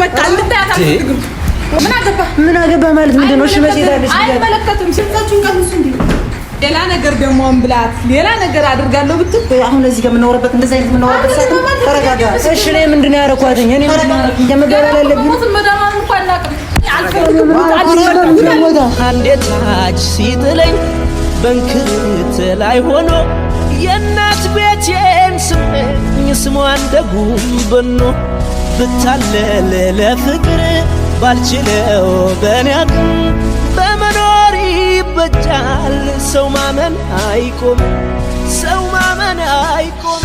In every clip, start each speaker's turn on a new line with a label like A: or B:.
A: በቃ
B: ምን አገባ ምን አገባ ማለት ምንድን ነው? እሺ
A: አይመለከትም። ሌላ ነገር ደግሞ ብላት ሌላ ነገር አድርጋለሁ ብትል አሁን እዚህ ጋር እንደዚህ አይነት የምናወራበት ሰዓት ተረጋጋ።
B: እሺ እኔ ምንድን ነው ያደረኳትኝ? እኔ
C: አንዴት ታች ሲጥለኝ በእንክርት ላይ ሆኖ የእናት ቤቴን ስመኝ ስሟ እንደ ጉንበኖ ብታለል ለፍቅር ባልችለው በንያቅ በመኖር ይበጃል። ሰው ማመን አይቆም፣ ሰው ማመን አይቆም።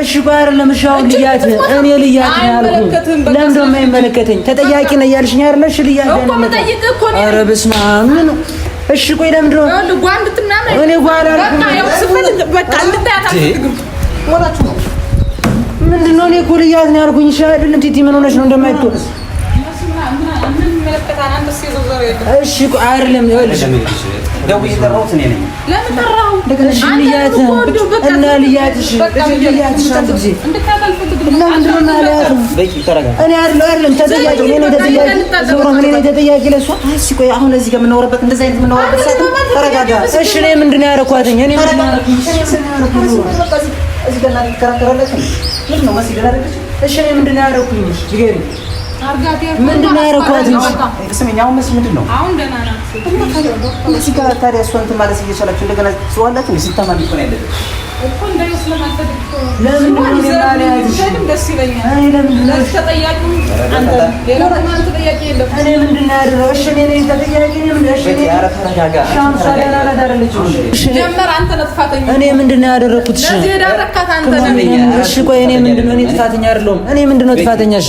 B: እሺ ባር ለምሻው ልያት እኔ ልያት ነው ያልኩህ። ለምን ደሞ የማይመለከተኝ ተጠያቂ ነው እያልሽኝ አይደለ? እሺ ልያት
A: ነው እኮ መጠየቅ እኮ ነው።
B: ኧረ በስመ አብ ነው። እሺ ቆይ ለምን ደሞ እኔ ጓል
A: አልኩህ። በቃ ልታያት አትፈልግም።
B: ምንድን ነው እኔ እኮ ልያት ነው ያልኩኝ። እሺ አይደለም ቲቲ ምን ሆነሽ ነው እንደማይቶ እሺ አይደለም ይኸውልሽ
D: ደውዬ ጠራሁት እኔ ነኝ።
A: ለምን ጠራኸው?
B: እና ልያትሽ ልያትሽ አንድ ጊዜ አሁን እዚህ ጋር የምናወራበት እንደዚህ አይነት የምናወራበት ሰዓት ተረጋጋ። እሺ እኔ ምንድን ነው ያደረኳትኝ? እኔ ምንድን ነው ያደረኩኝ? እሺ እኔ ምንድን ነው ያደረኩኝ? ምንድን ነው ያደረኳት?
D: ስሜኝ አሁን መስ ምንድን ነው እዚህ ጋር ታዲያ? እሷ እንትን ማለት እየቻላችሁ እንደገና ስዋላት ሲታማል እኮ ነው ያለበት።
B: እኔ ምንድን ነው ያደረኩት? እሺ ቆይ እኔ ምንድን ነው? እኔ ጥፋተኛ አይደለሁም። እኔ ምንድን ነው ጥፋተኛሽ?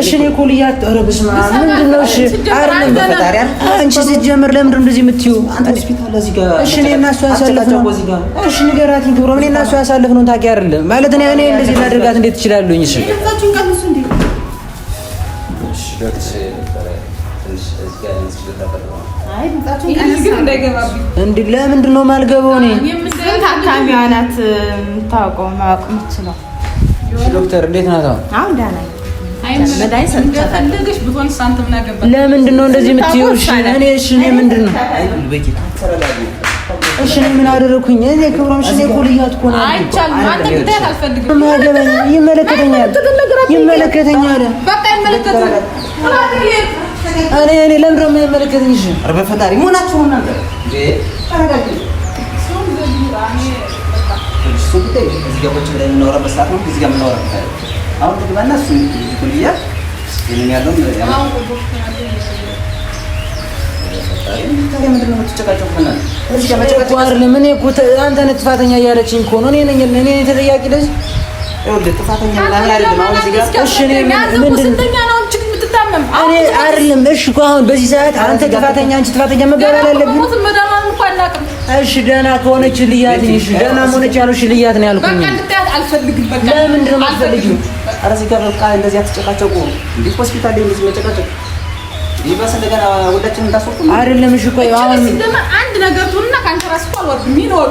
B: እሺ እኔ እኮ ልያት ኧረ በስመ አብ ምንድን ነው? እሺ አይደለም በፈጣሪ አንቺ ስትጀምር ለምንድን እንደዚህ የምትይው? እሺ እኔ እና እሱ ያሳለፍነው እሺ ንገራት ክብሮ እኔ እና እሱ ያሳለፍነው ታውቂው አይደለም ማለት እኔ እኔ እንደዚህ ላደርጋት እንዴት ትችላለሁኝ? እሺ ለምንድን ነው የማልገባው? እኔ
A: ታካሚዋ ናት የምታውቀው ማወቅ የምትችለው
D: ዶክተር እንዴት ናት አሁን?
A: አሁን ደህና
B: ለምንድን ነው እንደዚህ የምትይው? እኔ እሺ እኔ ምንድን ነው እሺ እኔ ምን አደረኩኝ? እኔ ክብሮም እሺ እኔ እኮ ልያት እኮ ነው።
A: አይቻልም። አንተ ግዴታ አልፈልግም። ይመለከተኛል፣
B: ይመለከተኛል።
A: በቃ ይመለከተኛል።
B: እኔ እኔ ለምንድን ነው የማይመለከተኝ? እሺ
D: ኧረ በፈጣሪ ሆናችሁ እናንተ እዚህ ጋር ቁጭ ብለን የምናወራበት ሰዓት ነው። እዚህ ጋር የምናወራበት አሁን ምግባና እሱ ልኩልያ ይህንን ያለው
B: ለምን አንተ ነህ ጥፋተኛ እያለችኝ እኮ ነው። እኔ ነኝ ተጠያቂ ለዚህ
D: ጥፋተኛ ምናምን
B: አይደለም። እሺ እኮ አሁን በዚህ ሰዓት አንተ ጥፋተኛ አንቺ ጥፋተኛ መባባል አለብን። እሺ ደህና ከሆነች ልያት፣ ደህና ሆነች ያለው ልያት ነው ያልኩኝ። ለምንድን ነው የማትፈልጊው?
D: ኧረ እዚህ ጋር በቃ እንደዚህ አትጨቃጨቁ። እንዴት ሆስፒታል ላይ እንደዚህ መጨቃጨቅ ይባስ እንደገና ወዳችን እንዳስወጡ
B: አይደለም። እሺ ቆይ አሁን
A: አንድ ነገር ቱና ካንተ ራስህ አልወርድም ይኖር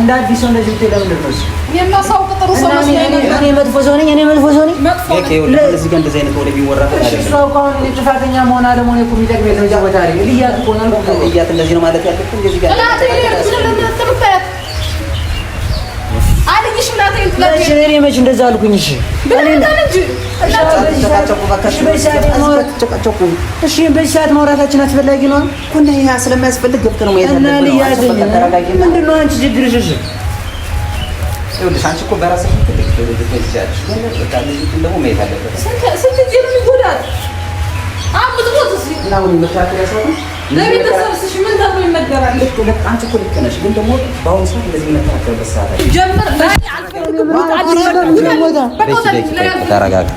D: እንደ አዲስ ሰው እንደዚህ ብትሄድ ለምንድን ነው እሱ
A: የማሳውቅ ጥሩ ሰው
B: መስሎኝ እኔ መጥፎ ሰው ነኝ፣ እኔ መጥፎ ሰው ነኝ።
D: እዚህ ጋር እንደዚህ አይነት ወሬ ቢወራ
B: እሱ እኮ አሁን ጥፋተኛ መሆን አለመሆን እኮ የሚጠቅም የለም። እያት እኮ ነው
D: እያት እንደዚህ ነው ማለት ያለብህ
A: እንደዚህ ጋር
B: እኔ መች እንደዛ አልኩኝ? እሺ እሺ፣ በዚህ ሰዓት ማውራታችን አስፈላጊ ነው ስለሚያስፈልግ ገብት ነው እና ምንድን ነው አንቺ ችግርሽ? እሺ
D: ይኸውልሽ አንቺ እኮ በራስሽ ደግሞ
A: በአሁኑ
D: ሰዓት እንደዚህ የምንከራከርበት
A: ሰዓት
D: ተረጋጋ።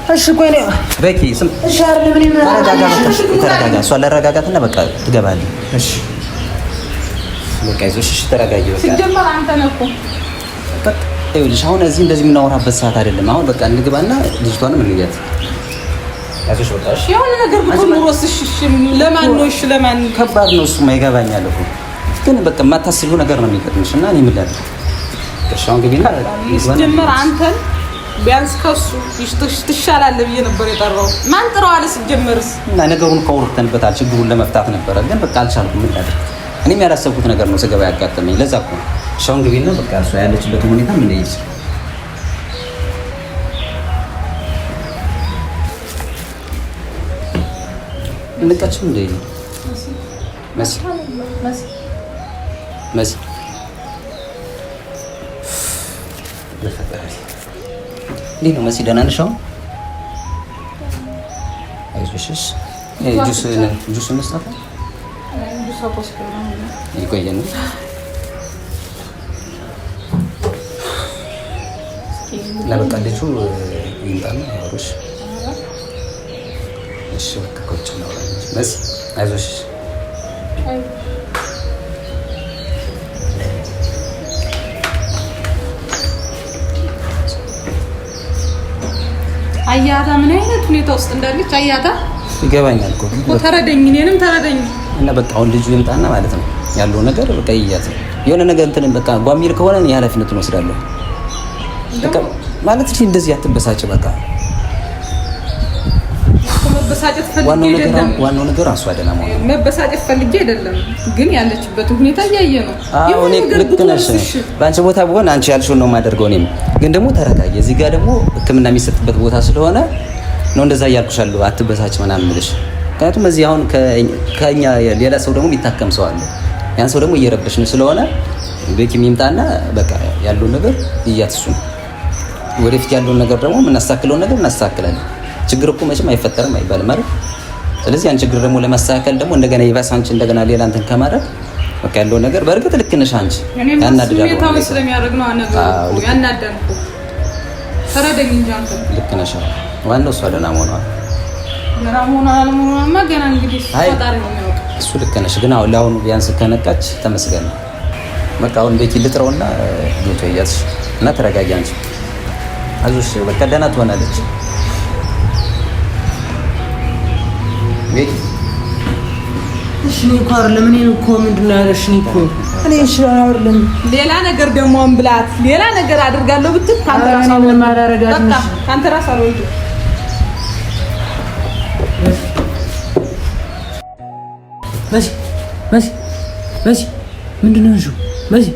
D: እሷ ለረጋጋት አሁን እዚህ እንደዚህ የምናወራበት ሰዓት አይደለም። አሁን በቃ እንግባና ልጅቷንም እንያት
A: የሆነ ነገር ብትኖረስ ለማን ነው? እሺ ለማን
D: ከባድ ነው። እሱማ ይገባኛል እኮ ግን በቃ የማታስቢው ነገር ነው የሚገጥምሽ። እና እኔ ምን ላድርግ? እርሻውን ግቢና
A: ጀመር አንተን ቢያንስ ከሱ ትሻላለህ ብዬ ነበር የጠራው። ማን ጥረዋል ሲጀመርስ?
D: እና ነገሩን እኮ ችግሩን ለመፍታት ነበረ። ግን በቃ አልቻልኩም። ምን ላድርግ? እኔም ያላሰብኩት ነገር ነው ስገባ ያጋጠመኝ። ለዛ እኮ ነው። እርሻውን ግቢና በቃ እሷ ያለችበትን ሁኔታ ምን አልነቃችም እንደ መሲ መሲ እንዴት ነው መሲ? ደህና ነሽ? አሁን አይዞሽ። ጁስ መስጠት ይቆየን። ላበቃለችው ይምጣና እሺ በቃ ከውጭ እናወራለን። አይዞሽ
A: አያታ ምን አይነት ሁኔታ ውስጥ እንዳለች አያታ
D: ይገባኛል እኮ
A: ተረደኝ፣ እኔንም ተረደኝ
D: እና በቃ አሁን ልጁ ይምጣና ማለት ነው ያለው ነገር በቃ ይያዝ የሆነ ነገር እንትን በቃ ጓሚል ከሆነ እኔ ኃላፊነቱን ወስዳለሁ ማለት እንደዚህ አትበሳጭ በቃ
A: መበሳጨት ፈልጌ አይደለም።
D: ዋናው ነገር እሱ አደና ማለት
A: መበሳጨት ፈልጌ አይደለም፣ ግን ያለችበትን ሁኔታ እያየ ነው።
D: አዎ እኔ ልክ ነሽ። በአንቺ ቦታ ብሆን አንቺ ያልሽውን ነው የማደርገው። እኔም ግን ደግሞ ተረጋጊ። እዚህ ጋር ደግሞ ሕክምና የሚሰጥበት ቦታ ስለሆነ ነው እንደዛ እያልኩሻለሁ። አትበሳጭ ምናምን የምልሽ ምክንያቱም እዚህ አሁን ከኛ ሌላ ሰው ደግሞ የሚታከም ሰው አለ። ያን ሰው ደግሞ ነው ስለሆነ ቤት የሚምጣና በቃ ያለውን ነገር እያትሱ ወደፊት ያለውን ነገር ደግሞ የምናስተካክለውን ነገር እናስተካክላለን። ችግር እኮ መቼም አይፈጠርም አይባልም አይደል? ስለዚህ ያን ችግር ደግሞ ለማስተካከል ደግሞ እንደገና ይባስ አንቺ እንደገና ሌላ እንትን ከማድረግ በቃ ያለው ነገር በእርግጥ ልክ ነሽ አንቺ ያናድዳል። እሱ ልክ ነሽ። ግን አሁን ለአሁኑ ቢያንስ ከነቃች ተመስገን ነው። በቃ አሁን ቤት ልጥረውና ጌቶ እያዝሽ እና ተረጋጊ አንቺ አዙሽ በቃ ደህና ትሆናለች።
A: ሌላ ነገር ደግሞ ብላት ሌላ ነገር አድርጋለሁ ብትል ካንተ ራስ አልወጣም።
B: መሲ መሲ መሲ ምንድን ነው መሲ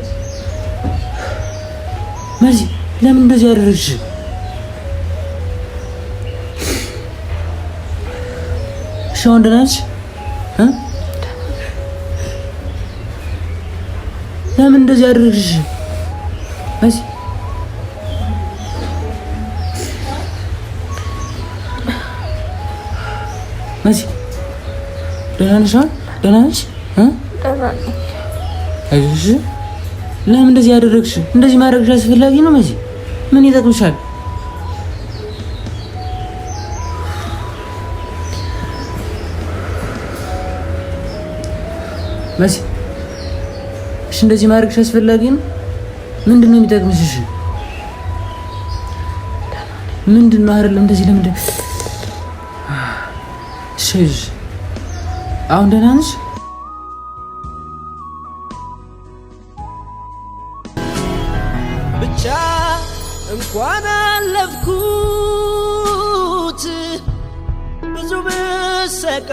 B: መሲ ለምን እንደዚህ አደረግሽ? ወንድ ነች። ለምን እንደዚህ አድርግሽ? መሲ መሲ፣ ደህና ነሽ? ደህና ነሽ? አይዞሽ። ለምን እንደዚህ አደረግሽ? እንደዚህ ማድረግሽ አስፈላጊ ነው? መሲ ምን ይጠቅምሻል? መሲ እሺ፣ እንደዚህ ማድረግሽ አስፈላጊ ነው? ምንድን ነው የሚጠቅምሽ? እሺ፣ ምንድን ነው አይደለም? እንደዚህ ለምንድን እሺ፣ አሁን ደህና ነሽ? ብቻ እንኳን አለፍኩት ብዙ ብሰቃ